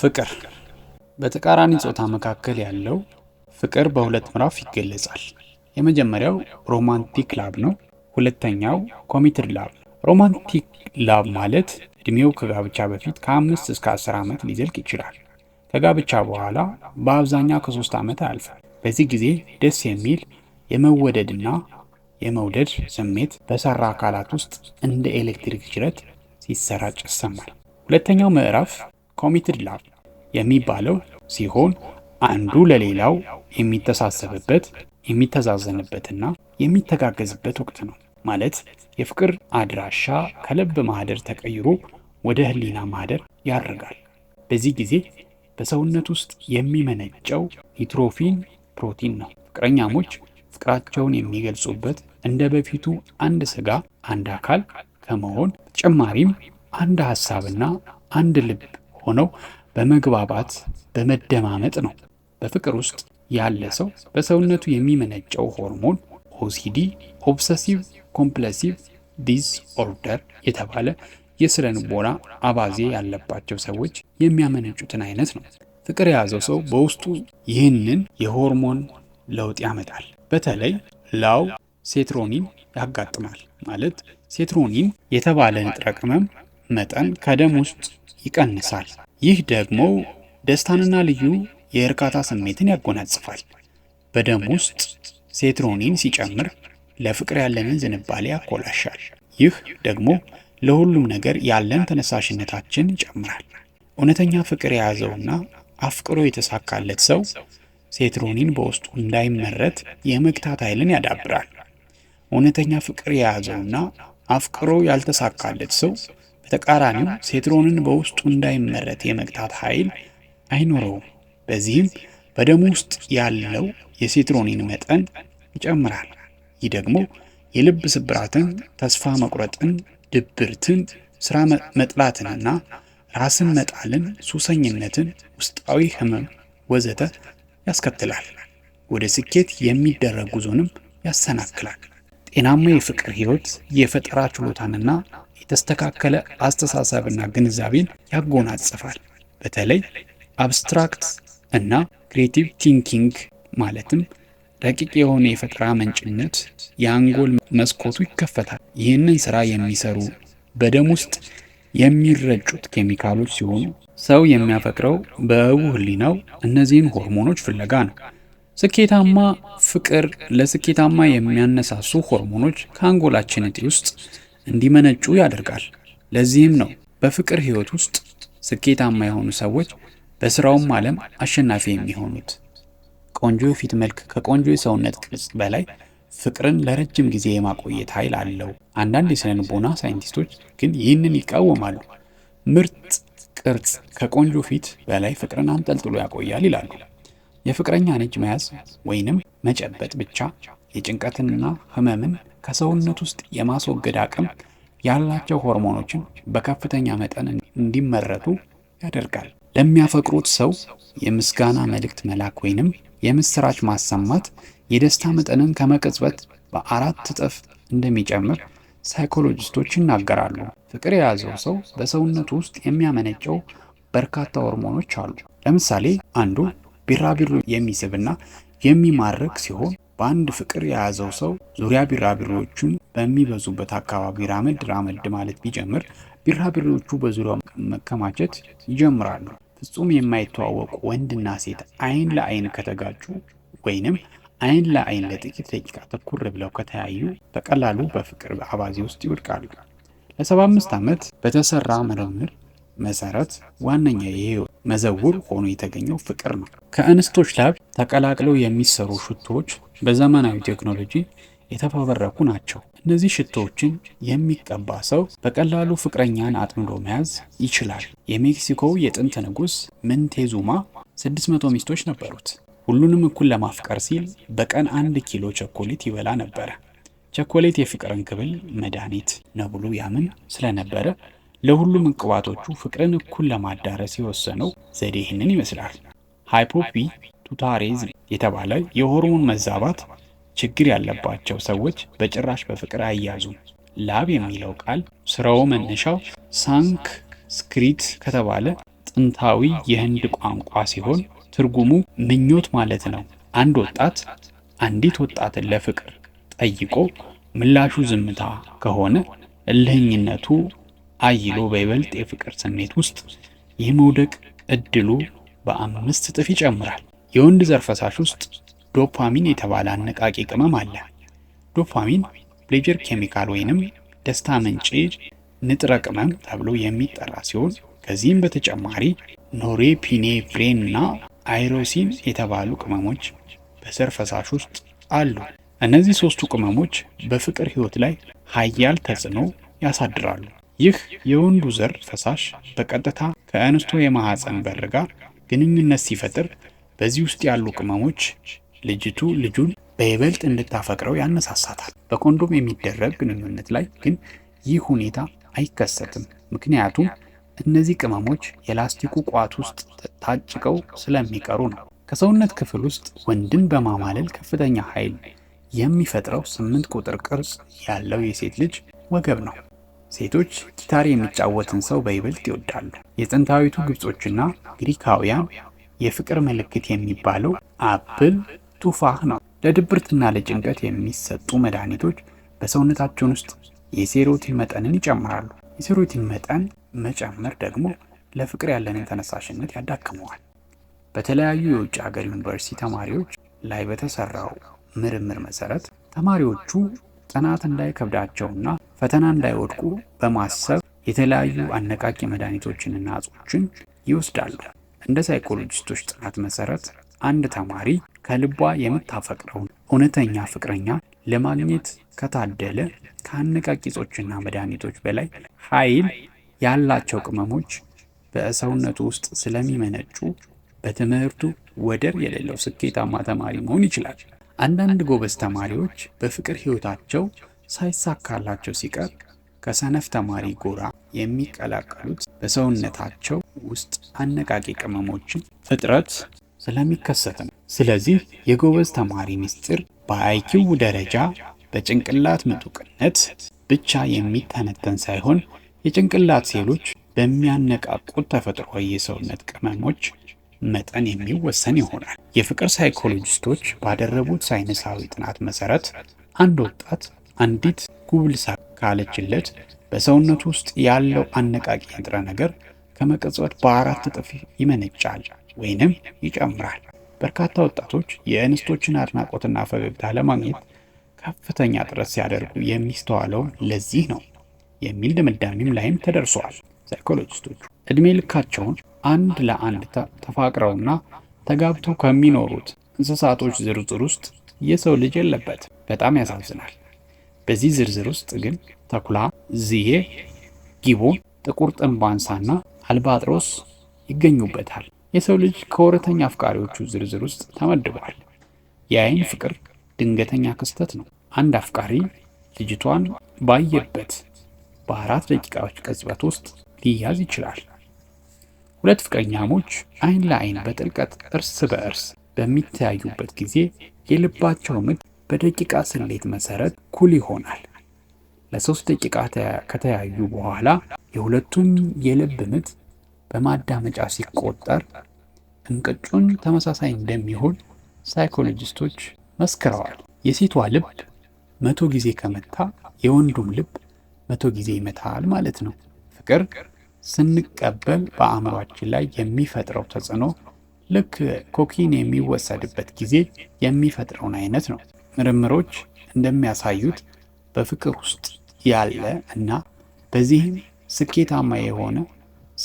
ፍቅር በተቃራኒ ጾታ መካከል ያለው ፍቅር በሁለት ምዕራፍ ይገለጻል። የመጀመሪያው ሮማንቲክ ላብ ነው። ሁለተኛው ኮሚትድ ላብ። ሮማንቲክ ላብ ማለት እድሜው ከጋብቻ በፊት ከአምስት እስከ አስር ዓመት ሊዘልቅ ይችላል። ከጋብቻ በኋላ በአብዛኛው ከሶስት ዓመት አልፋል። በዚህ ጊዜ ደስ የሚል የመወደድና የመውደድ ስሜት በሰራ አካላት ውስጥ እንደ ኤሌክትሪክ ጅረት ሲሰራጭ ይሰማል። ሁለተኛው ምዕራፍ ኮሚትድ ላቭ የሚባለው ሲሆን አንዱ ለሌላው የሚተሳሰብበት የሚተዛዘንበትና የሚተጋገዝበት ወቅት ነው። ማለት የፍቅር አድራሻ ከልብ ማህደር ተቀይሮ ወደ ህሊና ማህደር ያደርጋል። በዚህ ጊዜ በሰውነት ውስጥ የሚመነጨው ኒትሮፊን ፕሮቲን ነው። ፍቅረኛሞች ፍቅራቸውን የሚገልጹበት እንደ በፊቱ አንድ ስጋ አንድ አካል ከመሆን ተጨማሪም አንድ ሀሳብና አንድ ልብ ሆነው በመግባባት በመደማመጥ ነው። በፍቅር ውስጥ ያለ ሰው በሰውነቱ የሚመነጨው ሆርሞን ኦሲዲ ኦብሰሲቭ ኮምፕለሲቭ ዲስኦርደር የተባለ የስነ ልቦና አባዜ ያለባቸው ሰዎች የሚያመነጩትን አይነት ነው። ፍቅር የያዘው ሰው በውስጡ ይህንን የሆርሞን ለውጥ ያመጣል። በተለይ ላው ሴትሮኒን ያጋጥማል። ማለት ሴትሮኒን የተባለ ንጥረ ቅመም መጠን ከደም ውስጥ ይቀንሳል። ይህ ደግሞ ደስታንና ልዩ የእርካታ ስሜትን ያጎናጽፋል። በደም ውስጥ ሴትሮኒን ሲጨምር ለፍቅር ያለንን ዝንባሌ ያኮላሻል። ይህ ደግሞ ለሁሉም ነገር ያለን ተነሳሽነታችን ይጨምራል። እውነተኛ ፍቅር የያዘውና አፍቅሮ የተሳካለት ሰው ሴትሮኒን በውስጡ እንዳይመረት የመግታት ኃይልን ያዳብራል። እውነተኛ ፍቅር የያዘውና አፍቅሮ ያልተሳካለት ሰው በተቃራኒው ሴትሮንን በውስጡ እንዳይመረት የመግታት ኃይል አይኖረውም። በዚህም በደም ውስጥ ያለው የሴትሮኒን መጠን ይጨምራል። ይህ ደግሞ የልብ ስብራትን፣ ተስፋ መቁረጥን፣ ድብርትን፣ ስራ መጥላትንና ራስን መጣልን፣ ሱሰኝነትን፣ ውስጣዊ ህመም ወዘተ ያስከትላል። ወደ ስኬት የሚደረግ ጉዞንም ያሰናክላል። ጤናማ የፍቅር ህይወት የፈጠራ ችሎታንና የተስተካከለ አስተሳሰብና ግንዛቤን ያጎናጽፋል። በተለይ አብስትራክት እና ክሬቲቭ ቲንኪንግ ማለትም ረቂቅ የሆነ የፈጠራ ምንጭነት የአንጎል መስኮቱ ይከፈታል። ይህንን ስራ የሚሰሩ በደም ውስጥ የሚረጩት ኬሚካሎች ሲሆኑ ሰው የሚያፈቅረው በእቡ ህሊናው እነዚህን ሆርሞኖች ፍለጋ ነው። ስኬታማ ፍቅር ለስኬታማ የሚያነሳሱ ሆርሞኖች ከአንጎላችን እጢ ውስጥ እንዲመነጩ ያደርጋል። ለዚህም ነው በፍቅር ሕይወት ውስጥ ስኬታማ የሆኑ ሰዎች በስራውም ዓለም አሸናፊ የሚሆኑት። ቆንጆ የፊት መልክ ከቆንጆ የሰውነት ቅርጽ በላይ ፍቅርን ለረጅም ጊዜ የማቆየት ኃይል አለው። አንዳንድ የሥነ ልቦና ሳይንቲስቶች ግን ይህንን ይቃወማሉ። ምርጥ ቅርጽ ከቆንጆ ፊት በላይ ፍቅርን አንጠልጥሎ ያቆያል ይላሉ። የፍቅረኛ ነጭ መያዝ ወይንም መጨበጥ ብቻ የጭንቀትንና ህመምን ከሰውነት ውስጥ የማስወገድ አቅም ያላቸው ሆርሞኖችን በከፍተኛ መጠን እንዲመረቱ ያደርጋል። ለሚያፈቅሩት ሰው የምስጋና መልእክት መላክ ወይንም የምስራች ማሰማት የደስታ መጠንን ከመቅጽበት በአራት እጥፍ እንደሚጨምር ሳይኮሎጂስቶች ይናገራሉ። ፍቅር የያዘው ሰው በሰውነቱ ውስጥ የሚያመነጨው በርካታ ሆርሞኖች አሉ። ለምሳሌ አንዱ ቢራቢሮ የሚስብና የሚማርክ ሲሆን በአንድ ፍቅር የያዘው ሰው ዙሪያ ቢራቢሮዎቹን በሚበዙበት አካባቢ ራመድ ራመድ ማለት ቢጀምር ቢራቢሮዎቹ በዙሪያው መከማቸት ይጀምራሉ። ፍጹም የማይተዋወቁ ወንድና ሴት አይን ለአይን ከተጋጩ ወይንም አይን ለአይን ለጥቂት ደቂቃ ተኩር ብለው ከተያዩ በቀላሉ በፍቅር አባዜ ውስጥ ይወድቃሉ። ለ75 ዓመት በተሰራ ምርምር መሰረት ዋነኛ የህይወት መዘውር ሆኖ የተገኘው ፍቅር ነው። ከእንስቶች ላብ ተቀላቅለው የሚሰሩ ሽቶዎች በዘመናዊ ቴክኖሎጂ የተፈበረኩ ናቸው። እነዚህ ሽቶዎችን የሚቀባ ሰው በቀላሉ ፍቅረኛን አጥምዶ መያዝ ይችላል። የሜክሲኮው የጥንት ንጉሥ ምንቴዙማ 600 ሚስቶች ነበሩት። ሁሉንም እኩል ለማፍቀር ሲል በቀን አንድ ኪሎ ቸኮሌት ይበላ ነበረ። ቸኮሌት የፍቅርን ክብል መድኃኒት ነው ብሎ ያምን ስለነበረ ለሁሉም እንቅባቶቹ ፍቅርን እኩል ለማዳረስ የወሰነው ዘዴ ይህንን ይመስላል። ቱታሬዝ የተባለ የሆርሞን መዛባት ችግር ያለባቸው ሰዎች በጭራሽ በፍቅር አይያዙም። ላብ የሚለው ቃል ስራው መነሻው ሳንክ ስክሪት ከተባለ ጥንታዊ የህንድ ቋንቋ ሲሆን ትርጉሙ ምኞት ማለት ነው። አንድ ወጣት አንዲት ወጣትን ለፍቅር ጠይቆ ምላሹ ዝምታ ከሆነ እልህኝነቱ አይሎ በይበልጥ የፍቅር ስሜት ውስጥ የመውደቅ እድሉ በአምስት እጥፍ ይጨምራል። የወንድ ዘር ፈሳሽ ውስጥ ዶፓሚን የተባለ አነቃቂ ቅመም አለ። ዶፓሚን ፕሌጀር ኬሚካል ወይንም ደስታ ምንጭ ንጥረ ቅመም ተብሎ የሚጠራ ሲሆን ከዚህም በተጨማሪ ኖሬፒኔፍሬን እና አይሮሲን የተባሉ ቅመሞች በዘር ፈሳሽ ውስጥ አሉ። እነዚህ ሶስቱ ቅመሞች በፍቅር ህይወት ላይ ሀያል ተጽዕኖ ያሳድራሉ። ይህ የወንዱ ዘር ፈሳሽ በቀጥታ ከእንስቶ የማህፀን በር ጋር ግንኙነት ሲፈጥር በዚህ ውስጥ ያሉ ቅመሞች ልጅቱ ልጁን በይበልጥ እንድታፈቅረው ያነሳሳታል። በኮንዶም የሚደረግ ግንኙነት ላይ ግን ይህ ሁኔታ አይከሰትም። ምክንያቱም እነዚህ ቅመሞች የላስቲኩ ቋት ውስጥ ታጭቀው ስለሚቀሩ ነው። ከሰውነት ክፍል ውስጥ ወንድን በማማለል ከፍተኛ ኃይል የሚፈጥረው ስምንት ቁጥር ቅርጽ ያለው የሴት ልጅ ወገብ ነው። ሴቶች ጊታር የሚጫወትን ሰው በይበልጥ ይወዳሉ። የጥንታዊቱ ግብጾችና ግሪካውያን የፍቅር ምልክት የሚባለው አፕል ቱፋህ ነው። ለድብርትና ለጭንቀት የሚሰጡ መድኃኒቶች በሰውነታችን ውስጥ የሴሮቲን መጠንን ይጨምራሉ። የሴሮቲን መጠን መጨመር ደግሞ ለፍቅር ያለንን ተነሳሽነት ያዳክመዋል። በተለያዩ የውጭ ሀገር ዩኒቨርሲቲ ተማሪዎች ላይ በተሰራው ምርምር መሰረት ተማሪዎቹ ጥናት እንዳይከብዳቸውና ፈተና እንዳይወድቁ በማሰብ የተለያዩ አነቃቂ መድኃኒቶችንና እጾችን ይወስዳሉ። እንደ ሳይኮሎጂስቶች ጥናት መሰረት አንድ ተማሪ ከልቧ የምታፈቅረውን እውነተኛ ፍቅረኛ ለማግኘት ከታደለ ከአነቃቂ እጾችና መድኃኒቶች በላይ ኃይል ያላቸው ቅመሞች በሰውነቱ ውስጥ ስለሚመነጩ በትምህርቱ ወደር የሌለው ስኬታማ ተማሪ መሆን ይችላል። አንዳንድ ጎበዝ ተማሪዎች በፍቅር ሕይወታቸው ሳይሳካላቸው ሲቀር ከሰነፍ ተማሪ ጎራ የሚቀላቀሉት በሰውነታቸው ውስጥ አነቃቂ ቅመሞችን ፍጥረት ስለሚከሰት ነው። ስለዚህ የጎበዝ ተማሪ ምስጢር በአይኪው ደረጃ በጭንቅላት ምጡቅነት ብቻ የሚተነተን ሳይሆን የጭንቅላት ሴሎች በሚያነቃቁት ተፈጥሯዊ የሰውነት ቅመሞች መጠን የሚወሰን ይሆናል። የፍቅር ሳይኮሎጂስቶች ባደረጉት ሳይንሳዊ ጥናት መሰረት አንድ ወጣት አንዲት ጉብልሳ ካለችለት በሰውነቱ ውስጥ ያለው አነቃቂ ንጥረ ነገር ከመቀጽበት በአራት እጥፍ ይመነጫል ወይንም ይጨምራል። በርካታ ወጣቶች የእንስቶችን አድናቆትና ፈገግታ ለማግኘት ከፍተኛ ጥረት ሲያደርጉ የሚስተዋለው ለዚህ ነው የሚል ድምዳሜም ላይም ተደርሰዋል። ሳይኮሎጂስቶቹ ዕድሜ ልካቸውን አንድ ለአንድ ተፋቅረውና ተጋብተው ከሚኖሩት እንስሳቶች ዝርዝር ውስጥ የሰው ልጅ የለበት። በጣም ያሳዝናል። በዚህ ዝርዝር ውስጥ ግን ተኩላ፣ ዝዬ፣ ጊቦን፣ ጥቁር ጥንባንሳና አልባጥሮስ ይገኙበታል። የሰው ልጅ ከወረተኛ አፍቃሪዎቹ ዝርዝር ውስጥ ተመድቧል። የአይን ፍቅር ድንገተኛ ክስተት ነው። አንድ አፍቃሪ ልጅቷን ባየበት በአራት ደቂቃዎች ቅጽበት ውስጥ ሊያዝ ይችላል። ሁለት ፍቅረኛሞች አይን ለአይን በጥልቀት እርስ በእርስ በሚተያዩበት ጊዜ የልባቸው ምት በደቂቃ ስሌት መሰረት ኩል ይሆናል። ለሶስት ደቂቃ ከተያዩ በኋላ የሁለቱም የልብ ምት በማዳመጫ ሲቆጠር እንቅጩን ተመሳሳይ እንደሚሆን ሳይኮሎጂስቶች መስክረዋል። የሴቷ ልብ መቶ ጊዜ ከመታ የወንዱም ልብ መቶ ጊዜ ይመታል ማለት ነው። ፍቅር ስንቀበል በአእምሯችን ላይ የሚፈጥረው ተጽዕኖ ልክ ኮኪን የሚወሰድበት ጊዜ የሚፈጥረውን አይነት ነው። ምርምሮች እንደሚያሳዩት በፍቅር ውስጥ ያለ እና በዚህም ስኬታማ የሆነ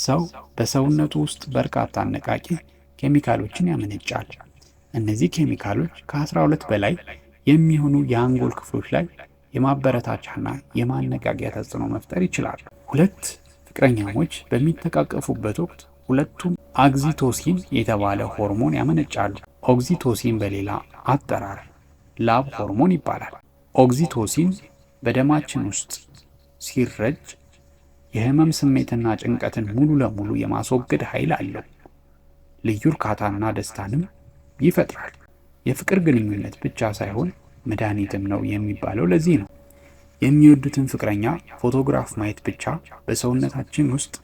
ሰው በሰውነቱ ውስጥ በርካታ አነቃቂ ኬሚካሎችን ያመነጫል። እነዚህ ኬሚካሎች ከ12 በላይ የሚሆኑ የአንጎል ክፍሎች ላይ የማበረታቻና የማነቃቂያ ተጽዕኖ መፍጠር ይችላሉ። ሁለት ፍቅረኛሞች በሚተቃቀፉበት ወቅት ሁለቱም አግዚቶሲን የተባለ ሆርሞን ያመነጫሉ። ኦግዚቶሲን በሌላ አጠራር ላብ ሆርሞን ይባላል። ኦግዚቶሲን በደማችን ውስጥ ሲረጭ የህመም ስሜትና ጭንቀትን ሙሉ ለሙሉ የማስወገድ ኃይል አለው። ልዩ እርካታና ደስታንም ይፈጥራል። የፍቅር ግንኙነት ብቻ ሳይሆን መድኃኒትም ነው የሚባለው ለዚህ ነው። የሚወዱትን ፍቅረኛ ፎቶግራፍ ማየት ብቻ በሰውነታችን ውስጥ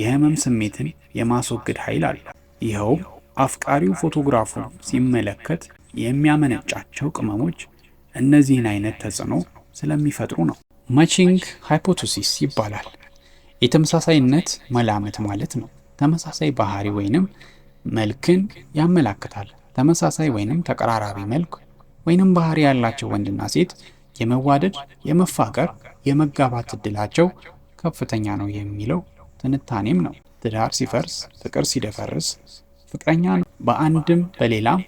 የህመም ስሜትን የማስወገድ ኃይል አለ። ይኸውም አፍቃሪው ፎቶግራፉ ሲመለከት የሚያመነጫቸው ቅመሞች እነዚህን አይነት ተጽዕኖ ስለሚፈጥሩ ነው። ማቺንግ ሃይፖቶሲስ ይባላል። የተመሳሳይነት መላመት ማለት ነው። ተመሳሳይ ባህሪ ወይንም መልክን ያመላክታል። ተመሳሳይ ወይንም ተቀራራቢ መልክ ወይንም ባህሪ ያላቸው ወንድና ሴት የመዋደድ፣ የመፋቀር፣ የመጋባት እድላቸው ከፍተኛ ነው የሚለው ትንታኔም ነው። ትዳር ሲፈርስ፣ ፍቅር ሲደፈርስ፣ ፍቅረኛን በአንድም በሌላም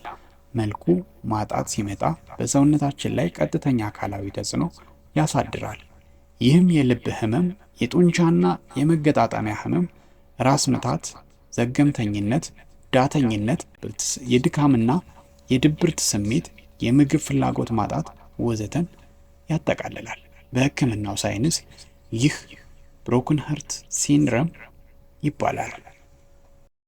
መልኩ ማጣት ሲመጣ በሰውነታችን ላይ ቀጥተኛ አካላዊ ተጽዕኖ ያሳድራል። ይህም የልብ ህመም፣ የጡንቻና የመገጣጠሚያ ህመም፣ ራስ ምታት፣ ዘገምተኝነት፣ ዳተኝነት፣ የድካምና የድብርት ስሜት፣ የምግብ ፍላጎት ማጣት ወዘተን ያጠቃልላል። በሕክምናው ሳይንስ ይህ ብሮክን ሀርት ሲንድረም ይባላል።